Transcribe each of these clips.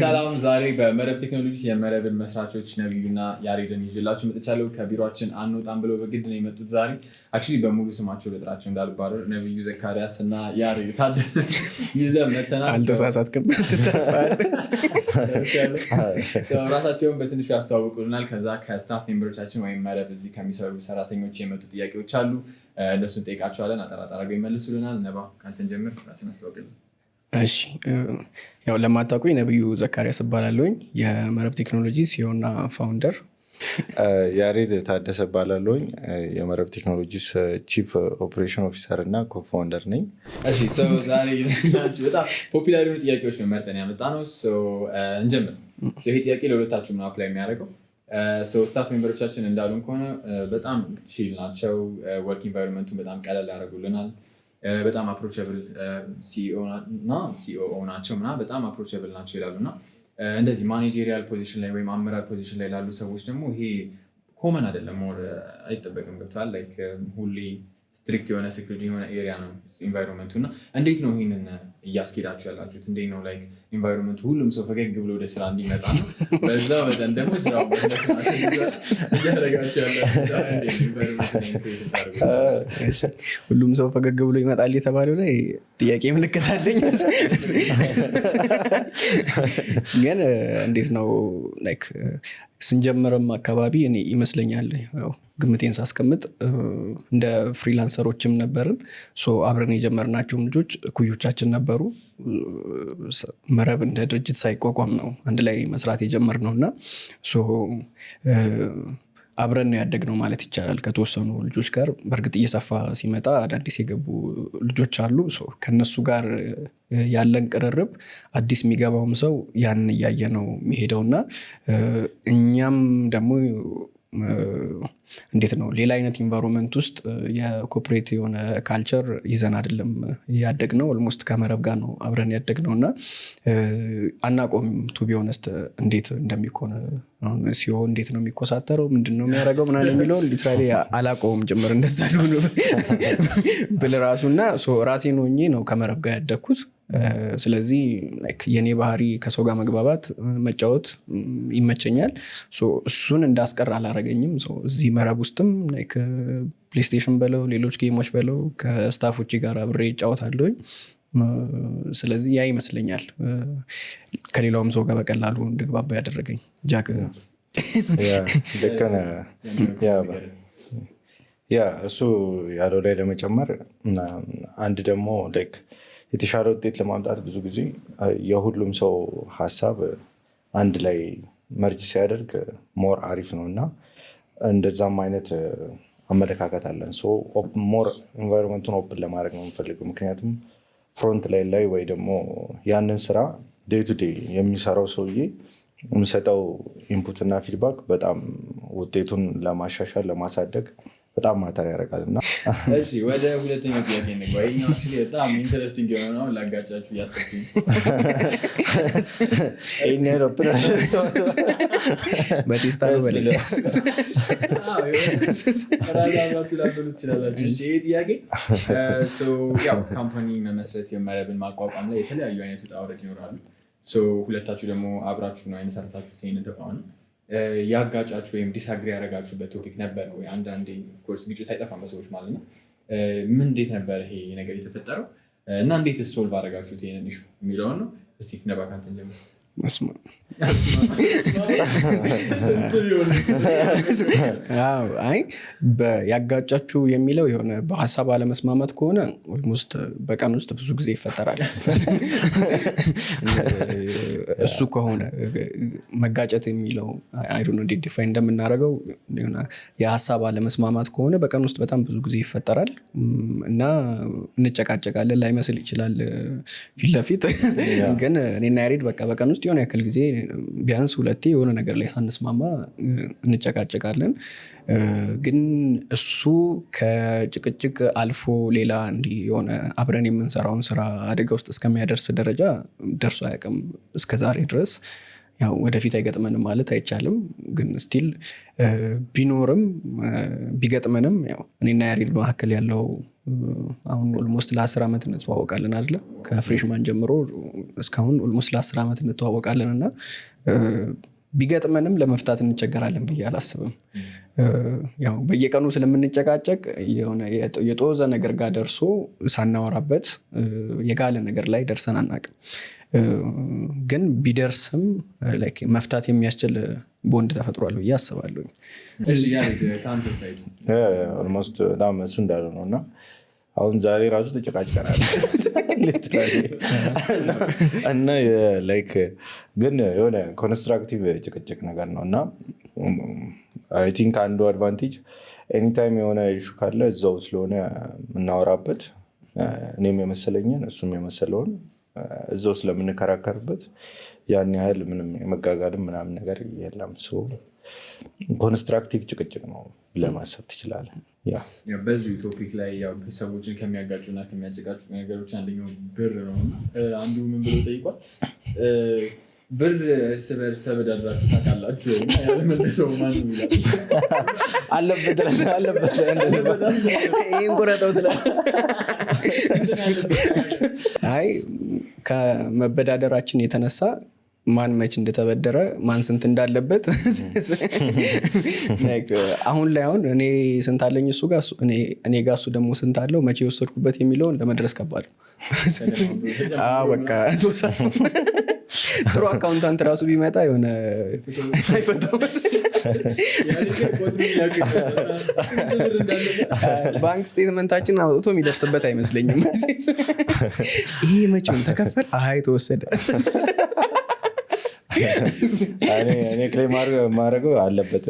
ሰላም ዛሬ በመረብ ቴክኖሎጂ የመረብን መስራቾች ነቢዩና ያሬድን ይዤላችሁ መጥቻለሁ። ከቢሮችን አንወጣም ብለው በግድ ነው የመጡት። ዛሬ አክቹዋሊ በሙሉ ስማቸው ልጥራቸው እንዳልባረር ነቢዩ ዘካሪያስ እና ያሬድ ታደሰ ይዘን መተናል። አልተሳሳትክም፣ ራሳቸውን በትንሹ ያስተዋውቁልናል። ከዛ ከስታፍ ሜምበሮቻችን ወይም መረብ እዚህ ከሚሰሩ ሰራተኞች የመጡ ጥያቄዎች አሉ። እነሱን ጠይቃቸዋለን። አጠራጣ ይመልሱልናል። ነባ ካንተን ጀምር፣ ራስን አስተዋውቅልን። እሺ ያው ለማታውቁኝ ነብዩ ዘካሪያ እባላለሁኝ የመረብ ቴክኖሎጂ ሲዮና ፋውንደር። ያሬድ ታደሰ ባላለውኝ የመረብ ቴክኖሎጂስ ቺፍ ኦፕሬሽን ኦፊሰር እና ኮፋውንደር ነኝ። ዛሬ ጥያቄዎች መመርጠን ያመጣ ነው። እንጀምር። ይሄ ጥያቄ ለሁለታችሁ ነው አፕላይ የሚያደርገው። ስታፍ ሜምበሮቻችን እንዳሉን ከሆነ በጣም ቺል ናቸው። ወርክ ኢንቫይሮንመንቱን በጣም ቀለል ያደርጉልናል። በጣም አፕሮቸብል ሲኦ እና ሲኦኦ ናቸው ምናምን በጣም አፕሮቸብል ናቸው ይላሉ። እና እንደዚህ ማኔጀሪያል ፖዚሽን ላይ ወይም አመራር ፖዚሽን ላይ ላሉ ሰዎች ደግሞ ይሄ ኮመን አይደለም፣ ሞር አይጠበቅም። ገብተዋል ላይክ ሁሌ ስትሪክት የሆነ ሴክሬድ የሆነ ኤሪያ ነው ኢንቫይሮንመንቱ። እና እንዴት ነው ይህንን uh, እያስኬዳችሁ ያላችሁት? እንዴት ነው ላይክ ኢንቫይሮንመንቱ ሁሉም ሰው ፈገግ ብሎ ወደ ስራ እንዲመጣ ነው፣ በዛ መጠን ደግሞ ስራ ሁሉም ሰው ፈገግ ብሎ ይመጣል የተባለው ላይ ጥያቄ ምልክት አለኝ። ግን uh, እንዴት ነው ላይክ uh, ስንጀምረም አካባቢ ይመስለኛል ግምቴን ሳስቀምጥ እንደ ፍሪላንሰሮችም ነበርን። አብረን የጀመርናቸውም ልጆች እኩዮቻችን ነበሩ። መረብ እንደ ድርጅት ሳይቋቋም ነው አንድ ላይ መስራት ነው እና አብረን ነው ነው ማለት ይቻላል ከተወሰኑ ልጆች ጋር። በእርግጥ እየሰፋ ሲመጣ አዳዲስ የገቡ ልጆች አሉ። ከነሱ ጋር ያለን ቅርርብ አዲስ የሚገባውም ሰው ያን እያየ ነው እና እኛም ደግሞ እንዴት ነው ሌላ አይነት ኢንቫይሮንመንት ውስጥ የኮፕሬት የሆነ ካልቸር ይዘን አይደለም ነው ኦልሞስት ከመረብ ጋር ነው አብረን ያደግ ነው እና አናቆም ቱ ቢሆነስት እንዴት እንደሚኮን ሲሆን እንዴት ነው የሚኮሳተረው ምንድን ነው የሚያደርገው ምናምን የሚለውን ሊትራሊ አላቆም ጭምር እንደዛ ሊሆኑ ብል ራሱ እና ራሴን ሆኜ ነው ከመረብ ጋር ያደግኩት ስለዚህ የኔ ባህሪ ከሰው ጋር መግባባት፣ መጫወት ይመቸኛል። እሱን እንዳስቀር አላረገኝም። እዚህ መረብ ውስጥም ፕሌስቴሽን በለው ሌሎች ጌሞች በለው ከስታፎች ጋር አብሬ አለኝ ስለዚህ ያ ይመስለኛል ከሌላውም ሰው ጋር በቀላሉ እንድግባባ ያደረገኝ ጃክ ያ እሱ ያለው ላይ ለመጨመር አንድ ደግሞ የተሻለ ውጤት ለማምጣት ብዙ ጊዜ የሁሉም ሰው ሀሳብ አንድ ላይ መርጅ ሲያደርግ ሞር አሪፍ ነው እና እንደዛም አይነት አመለካከት አለን። ሞር ኢንቫይሮንመንቱን ኦፕን ለማድረግ ነው የምፈልገው። ምክንያቱም ፍሮንት ላይ ላይ ወይ ደግሞ ያንን ስራ ዴይ ቱ ዴይ የሚሰራው ሰውዬ የሚሰጠው ኢንፑትና ፊድባክ በጣም ውጤቱን ለማሻሻል ለማሳደግ በጣም ማተር ያደርጋል እና እሺ፣ ወደ ሁለተኛው ጥያቄ እንግባ። ይኸኛው አክቹዋሊ በጣም ኢንተረስቲንግ የሆነ አሁን ላጋጫችሁ እያሰብኩኝ ah, ጥያቄ uh, ያው ካምፓኒ መመስረት የመረብን ማቋቋም ላይ የተለያዩ አይነት ውጣ ይኖራሉ። ሁለታችሁ ደግሞ አብራችሁ ነው አይነሳታችሁ ተይነ ተቋም ነው ያጋጫችሁ ወይም ዲስአግሪ ያደረጋችሁበት ቶፒክ ነበር ወይ? አንዳንዴ ግጭት አይጠፋም በሰዎች ማለት ነው። ምን እንዴት ነበር ይሄ ነገር የተፈጠረው እና እንዴት ሶልቭ አደረጋችሁት ይሄንን ኢሹ የሚለውን ነው። እስቲ ነባካንተን ጀምር። ያጋጫችሁ የሚለው የሆነ በሀሳብ አለመስማማት ከሆነ ኦልሞስት በቀን ውስጥ ብዙ ጊዜ ይፈጠራል። እሱ ከሆነ መጋጨት የሚለው አይ እንዴት ዲፋይ እንደምናደረገው የሀሳብ አለመስማማት ከሆነ በቀን ውስጥ በጣም ብዙ ጊዜ ይፈጠራል እና እንጨቃጨቃለን። ላይመስል ይችላል ፊት ለፊት ግን እኔና ያሬድ በቃ በቀን ውስጥ የሆነ ያክል ጊዜ ቢያንስ ሁለቴ የሆነ ነገር ላይ ሳንስማማ እንጨቃጨቃለን። ግን እሱ ከጭቅጭቅ አልፎ ሌላ እንዲ የሆነ አብረን የምንሰራውን ስራ አደጋ ውስጥ እስከሚያደርስ ደረጃ ደርሶ እስከ እስከዛሬ ድረስ። ያው ወደፊት አይገጥመንም ማለት አይቻልም፣ ግን ስቲል ቢኖርም ቢገጥመንም ያው እኔና ያሬድ መካከል ያለው አሁን ኦልሞስት ለአስር ዓመት እንተዋወቃለን አለ ከፍሬሽማን ጀምሮ እስካሁን ኦልሞስት ለአስር ዓመት እንተዋወቃለን እና ቢገጥመንም ለመፍታት እንቸገራለን ብዬ አላስብም። ያው በየቀኑ ስለምንጨቃጨቅ የሆነ የጦዘ ነገር ጋር ደርሶ ሳናወራበት የጋለ ነገር ላይ ደርሰን አናውቅም። ግን ቢደርስም መፍታት የሚያስችል ቦንድ ተፈጥሯል ብዬ አስባለሁ። ኦልሞስት በጣም እሱ እንዳለ ነው እና አሁን ዛሬ ራሱ ተጨቃጭቀናል እና ላይክ ግን የሆነ ኮንስትራክቲቭ ጭቅጭቅ ነገር ነው እና አይ ቲንክ አንዱ አድቫንቴጅ ኤኒታይም የሆነ ኢሹ ካለ እዛው ስለሆነ የምናወራበት እኔም የመሰለኝን እሱም የመሰለውን እዛው ስለምንከራከርበት ያን ያህል ምንም የመጋጋልም ምናምን ነገር የለም። ኮንስትራክቲቭ ጭቅጭቅ ነው ለማሰብ ትችላለህ። በዚሁ ቶፒክ ላይ ሰዎችን ከሚያጋጩና ከሚያጨቃጩ ነገሮች አንደኛው ብር ነው። አንዱ ምን ብሎ ጠይቋል ብር እርስ በርስ ተበደራችሁ ታውቃላችሁ? ያለመለሰው ማን አለበት ይህን ቁረጠው ትላለህ። አይ ከመበዳደራችን የተነሳ ማን መች እንደተበደረ ማን ስንት እንዳለበት አሁን ላይ አሁን እኔ ስንት አለኝ እሱ ጋር እኔ ጋ እሱ ደግሞ ስንት አለው መቼ የወሰድኩበት የሚለውን ለመድረስ ከባድ ነው። በቃ ተወሳሰ ጥሩ አካውንታንት ራሱ ቢመጣ የሆነ ባንክ ስቴትመንታችን አውጥቶ የሚደርስበት አይመስለኝም። ይሄ መቼም ተከፈል አ የተወሰደ እኔ ክሌም ማድረገው አለበት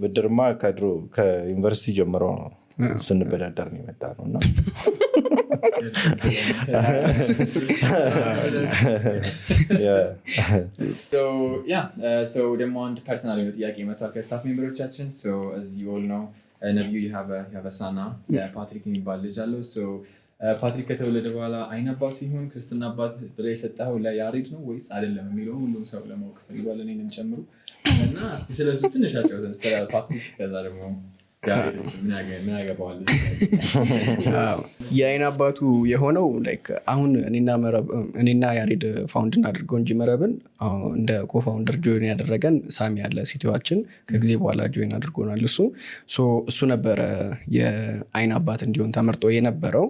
ብድርማ ከድሮ ከዩኒቨርሲቲ ጀምሮ ነው ስንበዳደር ነው የመጣ ነው እና ደግሞ አንድ ፐርሰናል የሆነ ጥያቄ መቷል ከስታፍ ሜምበሮቻችን እዚህ ወል ነው ነቢዩ ያበሳና ፓትሪክ የሚባል ልጅ አለው ፓትሪክ uh, ከተወለደ በኋላ አይን አባቱ ይሁን ክርስትና አባት ብለህ የሰጠኸው ለያሬድ ነው ወይስ አይደለም የሚለው ሁሉም ሰው ለማወቅ ፈልጓለን ጨምሩ እና እስኪ ትንሻቸው ፓትሪክ ከዛ ደግሞ የአይን አባቱ የሆነው አሁን እኔና ያሬድ ፋውንድ እናደርገው እንጂ መረብን እንደ ኮፋውንደር ጆይን ያደረገን ሳሚ ያለ ሲቲዋችን ከጊዜ በኋላ ጆይን አድርጎናል። እሱ እሱ ነበረ የአይን አባት እንዲሆን ተመርጦ የነበረው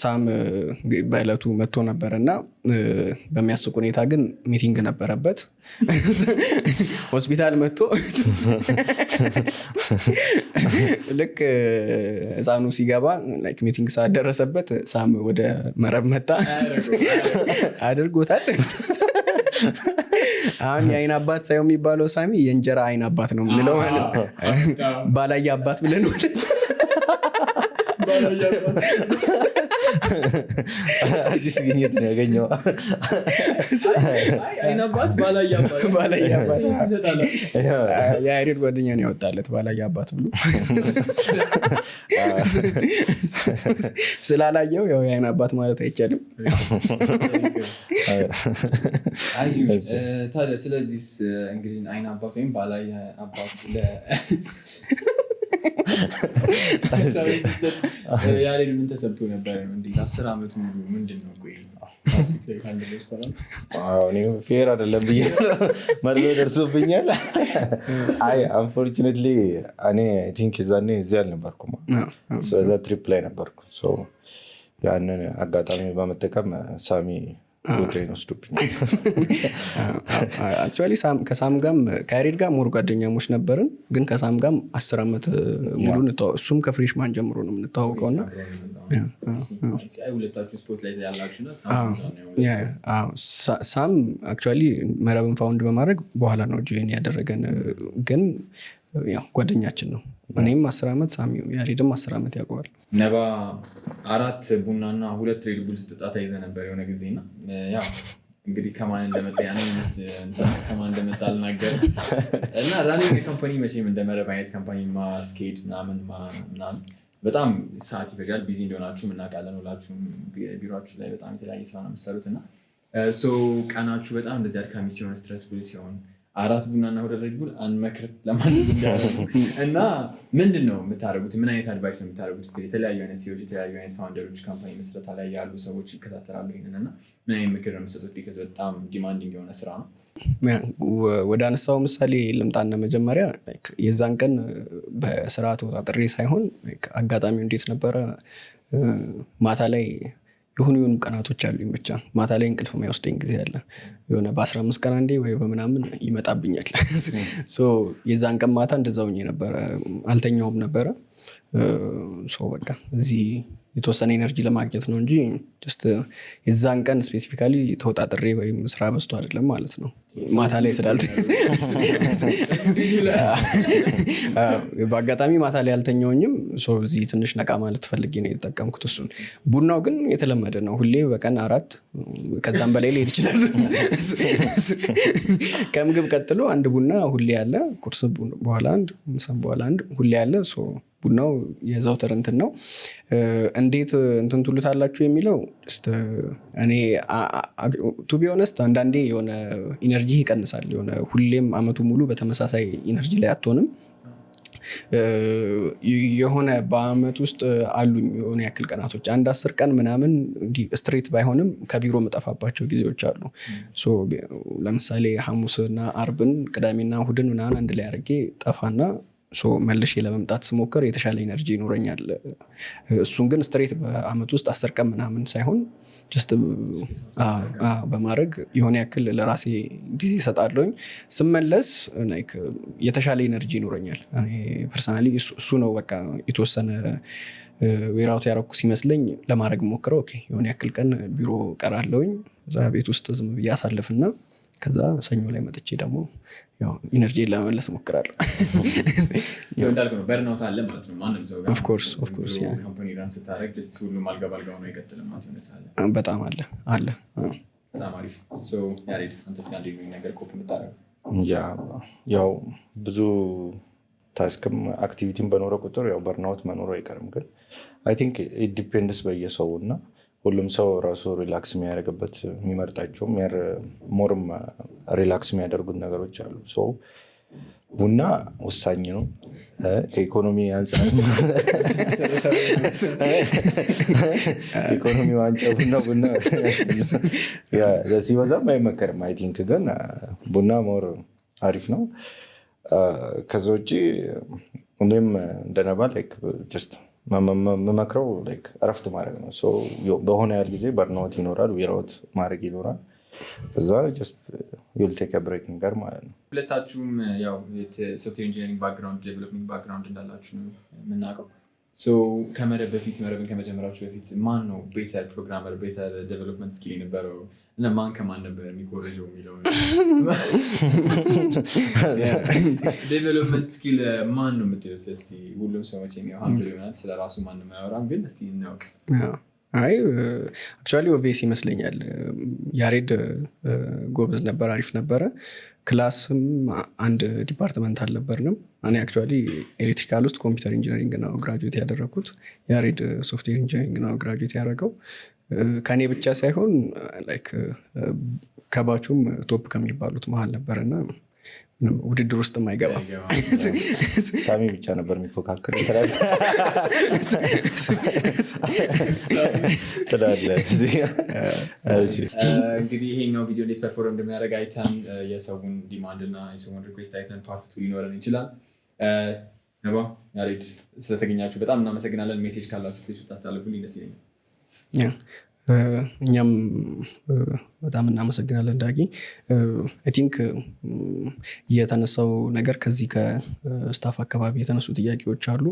ሳም በእለቱ መጥቶ ነበረ እና በሚያስቅ ሁኔታ ግን ሚቲንግ ነበረበት። ሆስፒታል መጥቶ ልክ ህፃኑ ሲገባ ሚቲንግ ሳደረሰበት ሳም ወደ መረብ መጣ አድርጎታል። አሁን የአይን አባት ሳይሆን የሚባለው ሳሚ የእንጀራ አይን አባት ነው ምንለው ባላየ አባት ብለን አዲስ ግኝት ነው ያገኘው። የአይሪን ጓደኛ ነው ያወጣለት ባላየ አባት ብሎ ስላላየው ያው የአይን አባት ማለት አይቻልም። ስለዚህ እንግዲህ አይን አባት ወይም ባላየ አባት ያሬድ ምን ተሰብቶ ነበር ነው እንዴት አስር ዓመት ሙሉ ምንድን ነው ፌር አደለም ብዬ መድሎ ደርሶብኛል። አይ አንፎርቹኔትሊ እኔ ቲንክ ዛኔ እዚ አልነበርኩም፣ ስለዛ ትሪፕ ላይ ነበርኩ። ያንን አጋጣሚ በመጠቀም ሳሚ አክቹዋሊ ከሳም ጋም ከያሬድ ጋር ሞር ጓደኛሞች ነበርን፣ ግን ከሳም ጋም አስር ዓመት ሙሉ እሱም ማን ጀምሮ ነው ና ሳም አክቹዋሊ መረብን ፋውንድ በማድረግ በኋላ ነው ጆይን ያደረገን ግን ጓደኛችን ነው። እኔም አስር ዓመት ሳሚ ያሬድም አስር ዓመት ያውቀዋል። ነባ አራት ቡናና ሁለት ሬድቡል ቡል ስትጠጣ ነበር የሆነ ጊዜ ና እንግዲህ ከማን እንደመጣ እንደመጣ አልናገር እና ራኒንግ ካምፓኒ መቼም እንደ መረብ አይነት ካምፓኒ ማስኬድ ምናምን ምናምን በጣም ሰዓት ይፈጃል። ቢዚ እንደሆናችሁ እናቃለን ሁላችሁም ቢሮችሁ ላይ በጣም የተለያየ ስራ ነው የምሰሩት እና ቀናችሁ በጣም እንደዚህ አድካሚ ሲሆን ስትረስፉል ሲሆን አራት ቡና እና ሁለት ሬድ ቡል እና ምንድን ነው የምታደርጉት? ምን አይነት አድቫይስ ነው የምታደርጉት? የተለያዩ አይነት ሲዎች የተለያዩ አይነት ፋውንደሮች ካምፓኒ መስረታ ላይ ያሉ ሰዎች ይከታተላሉ ይሄንን እና ምን አይነት ምክር ነው የምትሰጡት? ቢከዝ በጣም ዲማንዲንግ የሆነ ስራ ነው። ወደ አነሳው ምሳሌ ልምጣና መጀመሪያ የዛን ቀን በስርዓት ወጣ ጥሬ ሳይሆን አጋጣሚው እንዴት ነበረ ማታ ላይ የሆኑ የሆኑ ቀናቶች አሉኝ ብቻ ማታ ላይ እንቅልፍ የማይወስደኝ ጊዜ አለ። የሆነ በአስራ አምስት ቀን አንዴ ወይ በምናምን ይመጣብኛል። የዛን ቀን ማታ እንደዛውኝ ነበረ አልተኛውም ነበረ። በቃ እዚህ የተወሰነ ኤነርጂ ለማግኘት ነው እንጂ ጀስት የዛን ቀን ስፔሲፊካሊ ተወጣጥሬ ወይም ስራ በስቶ አይደለም ማለት ነው። ማታ ላይ ስዳል በአጋጣሚ ማታ ላይ ያልተኛውኝም እዚህ ትንሽ ነቃ ማለት ፈልጌ ነው የተጠቀምኩት እሱን። ቡናው ግን የተለመደ ነው። ሁሌ በቀን አራት ከዛም በላይ ሊሄድ ይችላል። ከምግብ ቀጥሎ አንድ ቡና ሁሌ ያለ፣ ቁርስ በኋላ አንድ፣ ምሳም በኋላ አንድ ሁሌ ያለ ቡናው የዘውተር እንትን ነው። እንዴት እንትን ትሉታላችሁ የሚለው እኔ ቱ ቢሆነስት አንዳንዴ የሆነ ኢነርጂ ይቀንሳል። የሆነ ሁሌም አመቱ ሙሉ በተመሳሳይ ኢነርጂ ላይ አትሆንም። የሆነ በአመት ውስጥ አሉኝ የሆነ ያክል ቀናቶች አንድ አስር ቀን ምናምን ስትሬት ባይሆንም ከቢሮ መጠፋባቸው ጊዜዎች አሉ። ለምሳሌ ሐሙስና አርብን ቅዳሜና እሁድን ምናምን አንድ ላይ አርጌ ጠፋና መልሼ ለመምጣት ስሞክር የተሻለ ኢነርጂ ይኖረኛል። እሱን ግን ስትሬት በአመት ውስጥ አስር ቀን ምናምን ሳይሆን ጀስት በማድረግ የሆነ ያክል ለራሴ ጊዜ ይሰጣለኝ ስመለስ የተሻለ ኤነርጂ ይኖረኛል። ፐርሰናሊ እሱ ነው በቃ የተወሰነ ዌራውት ያረኩ ሲመስለኝ ለማድረግ ሞክረው የሆነ ያክል ቀን ቢሮ ቀራለውኝ እዛ ቤት ውስጥ ዝም ብዬ አሳልፍና ከዛ ሰኞ ላይ መጥቼ ደግሞ ኢነርጂ ለመመለስ እሞክራለሁ። በጣም አለ አለ ያው ብዙ ታስክም አክቲቪቲም በኖረ ቁጥር ያው በርናውት መኖረ አይቀርም። ግን አይ ቲንክ ኢት ዲፔንድስ በየሰው እና ሁሉም ሰው ራሱ ሪላክስ የሚያደርግበት የሚመርጣቸው ሞርም ሪላክስ የሚያደርጉት ነገሮች አሉ። ቡና ወሳኝ ነው ከኢኮኖሚ አንጻር። ኢኮኖሚ ዋንጫ ቡና ቡና ሲበዛም አይመከርም። አይ ቲንክ ግን ቡና ሞር አሪፍ ነው። ከዚ ውጭ እኔም እንደነባ ላይክ ጀስት መመክረው እረፍት ማድረግ ነው። በሆነ ያህል ጊዜ በርናዎት ይኖራል፣ ዊራዎት ማድረግ ይኖራል። እዛ ጀስት ዩልቴክ ብሬክ ነገር ማለት ነው። ሁለታችሁም ያው ሶፍትዌር ኢንጂኒሪንግ ባክግራውንድ ዴቨሎፕመንት ባክግራውንድ እንዳላችሁ ነው የምናውቀው ከመረብ በፊት መረብን ከመጀመራችሁ በፊት ማን ነው ቤተር ፕሮግራመር ቤተር ዴቨሎፕመንት ስኪል የነበረው እና ማን ከማን ነበር የሚኮረጀው የሚለው ዴቨሎፕመንት ስኪል ማን ነው የምትሉት? እስኪ ሁሉም ሰዎች የሚያው ሀምብል ይሆናል። ስለራሱ ማንም ግን እስኪ እናውቅ። አይ አክቹዋሊ ኦቪየስ ይመስለኛል። ያሬድ ጎበዝ ነበር፣ አሪፍ ነበረ። ክላስም አንድ ዲፓርትመንት አልነበርንም። እኔ አክቹዋሊ ኤሌክትሪካል ውስጥ ኮምፒውተር ኢንጂነሪንግ ነው ግራጁዌት ያደረግኩት። ያሬድ ሶፍትዌር ኢንጂነሪንግ ነው ግራጁዌት ያደረገው። ከእኔ ብቻ ሳይሆን ላይክ ከባቹም ቶፕ ከሚባሉት መሀል ነበረና ውድድር ውስጥ አይገባ። ሳሚ ብቻ ነበር የሚፎካከር። እንግዲህ ይሄኛው ቪዲዮ እንዴት ፐርፎርም እንደሚያደርግ አይተን የሰውን ዲማንድ እና የሰውን ሪኩዌስት አይተን ፓርት ቱ ሊኖረን ይችላል። ነባ ያሬድ ስለተገኛችሁ በጣም እናመሰግናለን። ሜሴጅ ካላችሁ ፌስቡክ ብታስተላልፉልኝ ደስ ይለኛል። እኛም በጣም እናመሰግናለን ዳጊ። ቲንክ የተነሳው ነገር ከዚህ ከስታፍ አካባቢ የተነሱ ጥያቄዎች አሉ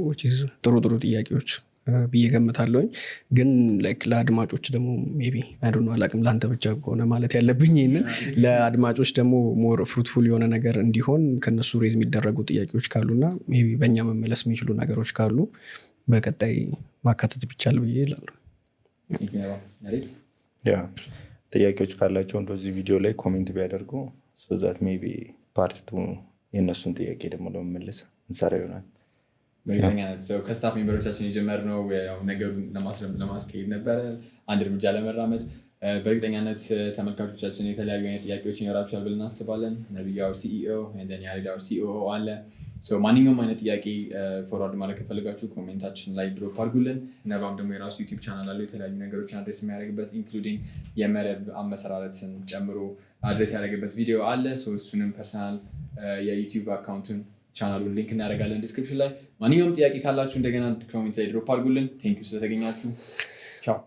ጥሩ ጥሩ ጥያቄዎች ብዬ ገምታለሁኝ። ግን ለአድማጮች ደግሞ ቢ አይ አላቅም ለአንተ ብቻ ከሆነ ማለት ያለብኝ ይህንን ለአድማጮች ደግሞ ሞር ፍሩትፉል የሆነ ነገር እንዲሆን ከነሱ ሬዝ የሚደረጉ ጥያቄዎች ካሉ ቢ በእኛ መመለስ የሚችሉ ነገሮች ካሉ በቀጣይ ማካተት ቢቻል ብዬ ይላሉ ጥያቄዎች ካላቸው እንደዚህ ቪዲዮ ላይ ኮሜንት ቢያደርጉ ስበዛት ሜይ ቢ ፓርት ቱ የእነሱን ጥያቄ ደግሞ ለመመለስ እንሰራ ይሆናል። በእርግጠኛነት ከስታፍ ሜምበሮቻችን የጀመርነው ነገሩ ለማስኬድ ነበረ፣ አንድ እርምጃ ለመራመድ በእርግጠኛነት ተመልካቾቻችን የተለያዩ አይነት ጥያቄዎች ይኖራቸዋል ብለን እናስባለን። ነቢያ ሲኦ ሲኢኦ ሲኦ ሲኦኦ አለ ሰው ማንኛውም አይነት ጥያቄ ፎርዋርድ uh, ማድረግ ከፈለጋችሁ ኮሜንታችን ላይ ድሮፕ አድርጉልን። ነባም ደግሞ የራሱ ዩቲብ ቻናል አለው የተለያዩ ነገሮችን አድሬስ የሚያደርግበት ኢንክሉዲንግ የመረብ አመሰራረትን ጨምሮ አድሬስ ያደረገበት ቪዲዮ አለ። እሱንም ፐርሰናል uh, የዩቲብ አካውንቱን ቻናሉን ሊንክ እናደርጋለን ዲስክሪፕሽን ላይ። ማንኛውም ጥያቄ ካላችሁ እንደገና ኮሜንት ላይ ድሮፕ አድርጉልን። ቴንክ ዩ ስለተገኛችሁ ቻው።